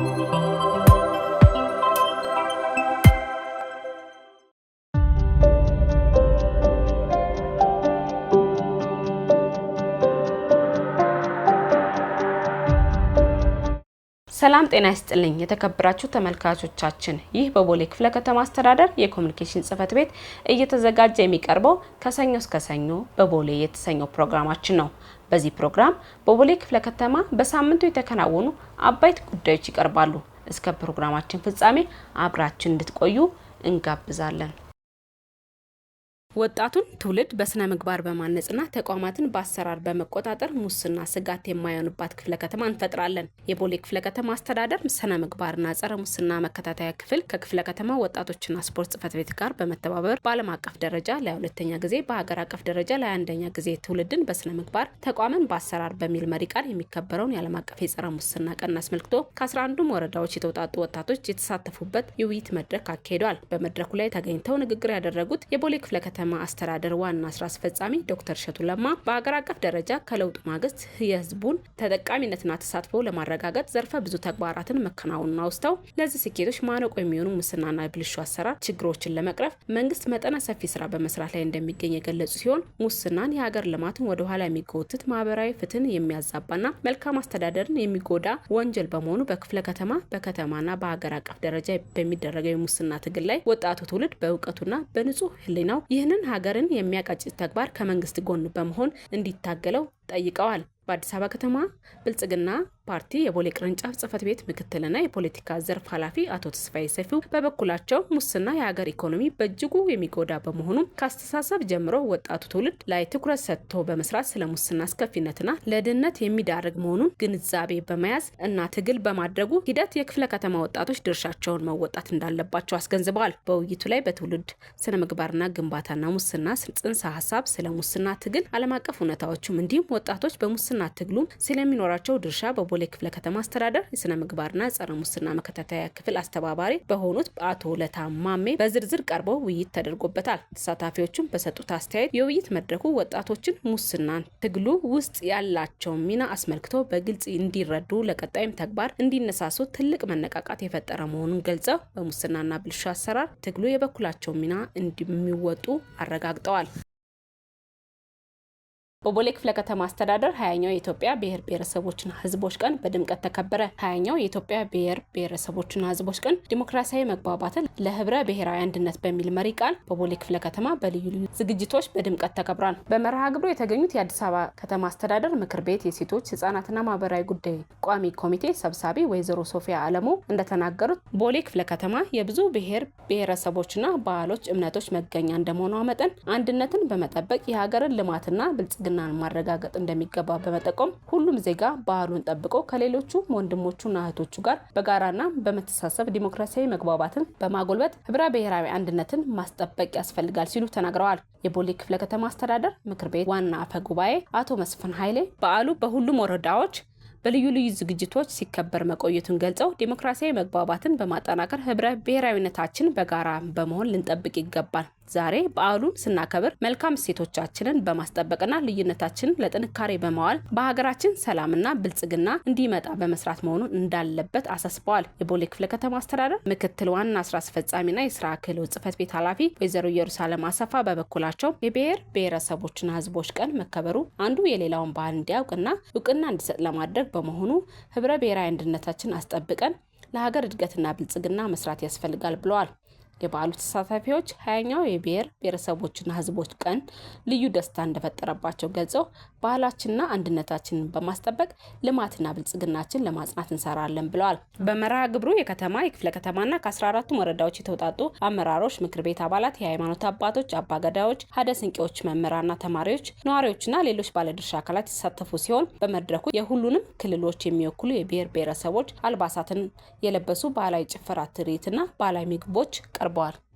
Thank you. ሰላም ጤና ይስጥልኝ የተከበራችሁ ተመልካቾቻችን፣ ይህ በቦሌ ክፍለ ከተማ አስተዳደር የኮሚኒኬሽን ጽህፈት ቤት እየተዘጋጀ የሚቀርበው ከሰኞ እስከ ሰኞ በቦሌ የተሰኘው ፕሮግራማችን ነው። በዚህ ፕሮግራም በቦሌ ክፍለ ከተማ በሳምንቱ የተከናወኑ አበይት ጉዳዮች ይቀርባሉ። እስከ ፕሮግራማችን ፍጻሜ አብራችን እንድትቆዩ እንጋብዛለን። ወጣቱን ትውልድ በስነ ምግባር በማነጽና ተቋማትን በአሰራር በመቆጣጠር ሙስና ስጋት የማይሆንባት ክፍለ ከተማ እንፈጥራለን። የቦሌ ክፍለ ከተማ አስተዳደር ስነ ምግባርና ጸረ ሙስና መከታተያ ክፍል ከክፍለ ከተማ ወጣቶችና ስፖርት ጽፈት ቤት ጋር በመተባበር በዓለም አቀፍ ደረጃ ለሁለተኛ ጊዜ በሀገር አቀፍ ደረጃ ለአንደኛ ጊዜ ትውልድን በስነ ምግባር ተቋምን በአሰራር በሚል መሪ ቃል የሚከበረውን የዓለም አቀፍ የጸረ ሙስና ቀን አስመልክቶ ከ11ዱም ወረዳዎች የተውጣጡ ወጣቶች የተሳተፉበት የውይይት መድረክ አካሂደዋል። በመድረኩ ላይ ተገኝተው ንግግር ያደረጉት የቦሌ ክፍለ ከተማ ከተማ አስተዳደር ዋና ስራ አስፈጻሚ ዶክተር እሸቱ ለማ በአገር አቀፍ ደረጃ ከለውጥ ማግስት የህዝቡን ተጠቃሚነትና ተሳትፎ ለማረጋገጥ ዘርፈ ብዙ ተግባራትን መከናወኑን አውስተው ለዚህ ስኬቶች ማነቆ የሚሆኑ ሙስናና ብልሹ አሰራር ችግሮችን ለመቅረፍ መንግስት መጠነ ሰፊ ስራ በመስራት ላይ እንደሚገኝ የገለጹ ሲሆን ሙስናን የሀገር ልማትን ወደኋላ የሚጎትት ማህበራዊ ፍትህን የሚያዛባና መልካም አስተዳደርን የሚጎዳ ወንጀል በመሆኑ በክፍለ ከተማ በከተማና በሀገር አቀፍ ደረጃ በሚደረገው የሙስና ትግል ላይ ወጣቱ ትውልድ በእውቀቱና በንጹህ ህሊናው ይህንን ሀገርን የሚያቀጭ ተግባር ከመንግስት ጎን በመሆን እንዲታገለው ጠይቀዋል። በአዲስ አበባ ከተማ ብልጽግና ፓርቲ የቦሌ ቅርንጫፍ ጽህፈት ቤት ምክትልና የፖለቲካ ዘርፍ ኃላፊ አቶ ተስፋዬ ሰፊው በበኩላቸው ሙስና የሀገር ኢኮኖሚ በእጅጉ የሚጎዳ በመሆኑ ከአስተሳሰብ ጀምሮ ወጣቱ ትውልድ ላይ ትኩረት ሰጥቶ በመስራት ስለ ሙስና አስከፊነትና ለድህነት የሚዳርግ መሆኑን ግንዛቤ በመያዝ እና ትግል በማድረጉ ሂደት የክፍለ ከተማ ወጣቶች ድርሻቸውን መወጣት እንዳለባቸው አስገንዝበዋል። በውይይቱ ላይ በትውልድ ስነ ምግባርና ግንባታና ሙስና ጽንሰ ሀሳብ፣ ስለ ሙስና ትግል፣ ዓለም አቀፍ እውነታዎችም እንዲሁም ወጣቶች በሙስና ሙስና ትግሉ ስለሚኖራቸው ድርሻ በቦሌ ክፍለ ከተማ አስተዳደር የስነ ምግባርና ጸረ ሙስና መከታተያ ክፍል አስተባባሪ በሆኑት በአቶ ለታ ማሜ በዝርዝር ቀርበው ውይይት ተደርጎበታል። ተሳታፊዎቹም በሰጡት አስተያየት የውይይት መድረኩ ወጣቶችን ሙስናን ትግሉ ውስጥ ያላቸውን ሚና አስመልክቶ በግልጽ እንዲረዱ ለቀጣይም ተግባር እንዲነሳሱ ትልቅ መነቃቃት የፈጠረ መሆኑን ገልጸው በሙስናና ብልሹ አሰራር ትግሉ የበኩላቸው ሚና እንደሚወጡ አረጋግጠዋል። በቦሌ ክፍለ ከተማ አስተዳደር ሀያኛው የኢትዮጵያ ብሔር ብሔረሰቦችና ህዝቦች ቀን በድምቀት ተከበረ። ሀያኛው የኢትዮጵያ ብሔር ብሔረሰቦችና ህዝቦች ቀን ዲሞክራሲያዊ መግባባትን ለህብረ ብሔራዊ አንድነት በሚል መሪ ቃል በቦሌ ክፍለ ከተማ በልዩ ልዩ ዝግጅቶች በድምቀት ተከብሯል። በመርሃ ግብሩ የተገኙት የአዲስ አበባ ከተማ አስተዳደር ምክር ቤት የሴቶች ህጻናትና ማህበራዊ ጉዳይ ቋሚ ኮሚቴ ሰብሳቢ ወይዘሮ ሶፊያ አለሙ እንደተናገሩት ቦሌ ክፍለ ከተማ የብዙ ብሔር ብሔረሰቦችና ባህሎች፣ እምነቶች መገኛ እንደመሆኗ መጠን አንድነትን በመጠበቅ የሀገርን ልማትና ብልጽግ ብልጽግናን ማረጋገጥ እንደሚገባ በመጠቆም ሁሉም ዜጋ ባህሉን ጠብቆ ከሌሎቹ ወንድሞቹና እህቶቹ ጋር በጋራና በመተሳሰብ ዲሞክራሲያዊ መግባባትን በማጎልበት ህብረ ብሔራዊ አንድነትን ማስጠበቅ ያስፈልጋል ሲሉ ተናግረዋል። የቦሌ ክፍለ ከተማ አስተዳደር ምክር ቤት ዋና አፈ ጉባኤ አቶ መስፍን ኃይሌ በዓሉ በሁሉም ወረዳዎች በልዩ ልዩ ዝግጅቶች ሲከበር መቆየቱን ገልጸው ዲሞክራሲያዊ መግባባትን በማጠናከር ህብረ ብሔራዊነታችን በጋራ በመሆን ልንጠብቅ ይገባል ዛሬ በዓሉን ስናከብር መልካም እሴቶቻችንን በማስጠበቅና ልዩነታችንን ለጥንካሬ በማዋል በሀገራችን ሰላምና ብልጽግና እንዲመጣ በመስራት መሆኑን እንዳለበት አሳስበዋል። የቦሌ ክፍለ ከተማ አስተዳደር ምክትል ዋና ስራ አስፈጻሚና የስራ ክህሎት ጽህፈት ቤት ኃላፊ ወይዘሮ ኢየሩሳሌም አሰፋ በበኩላቸው የብሔር ብሔረሰቦችና ህዝቦች ቀን መከበሩ አንዱ የሌላውን ባህል እንዲያውቅና እውቅና እንዲሰጥ ለማድረግ በመሆኑ ህብረ ብሔራዊ አንድነታችን አስጠብቀን ለሀገር እድገትና ብልጽግና መስራት ያስፈልጋል ብለዋል። የበዓሉ ተሳታፊዎች ሀያኛው የብሔር ብሔረሰቦችና ህዝቦች ቀን ልዩ ደስታ እንደፈጠረባቸው ገልጸው ባህላችንና አንድነታችንን በማስጠበቅ ልማትና ብልጽግናችን ለማጽናት እንሰራለን ብለዋል። በመርሃ ግብሩ የከተማ የክፍለ ከተማና ከ14ቱም ወረዳዎች የተውጣጡ አመራሮች፣ ምክር ቤት አባላት፣ የሃይማኖት አባቶች፣ አባገዳዮች፣ ሀደ ስንቄዎች፣ መምህራንና ተማሪዎች፣ ነዋሪዎችና ሌሎች ባለድርሻ አካላት የተሳተፉ ሲሆን በመድረኩ የሁሉንም ክልሎች የሚወክሉ የብሔር ብሔረሰቦች አልባሳትን የለበሱ ባህላዊ ጭፈራ ትርኢትና ባህላዊ ምግቦች ቀር barboar.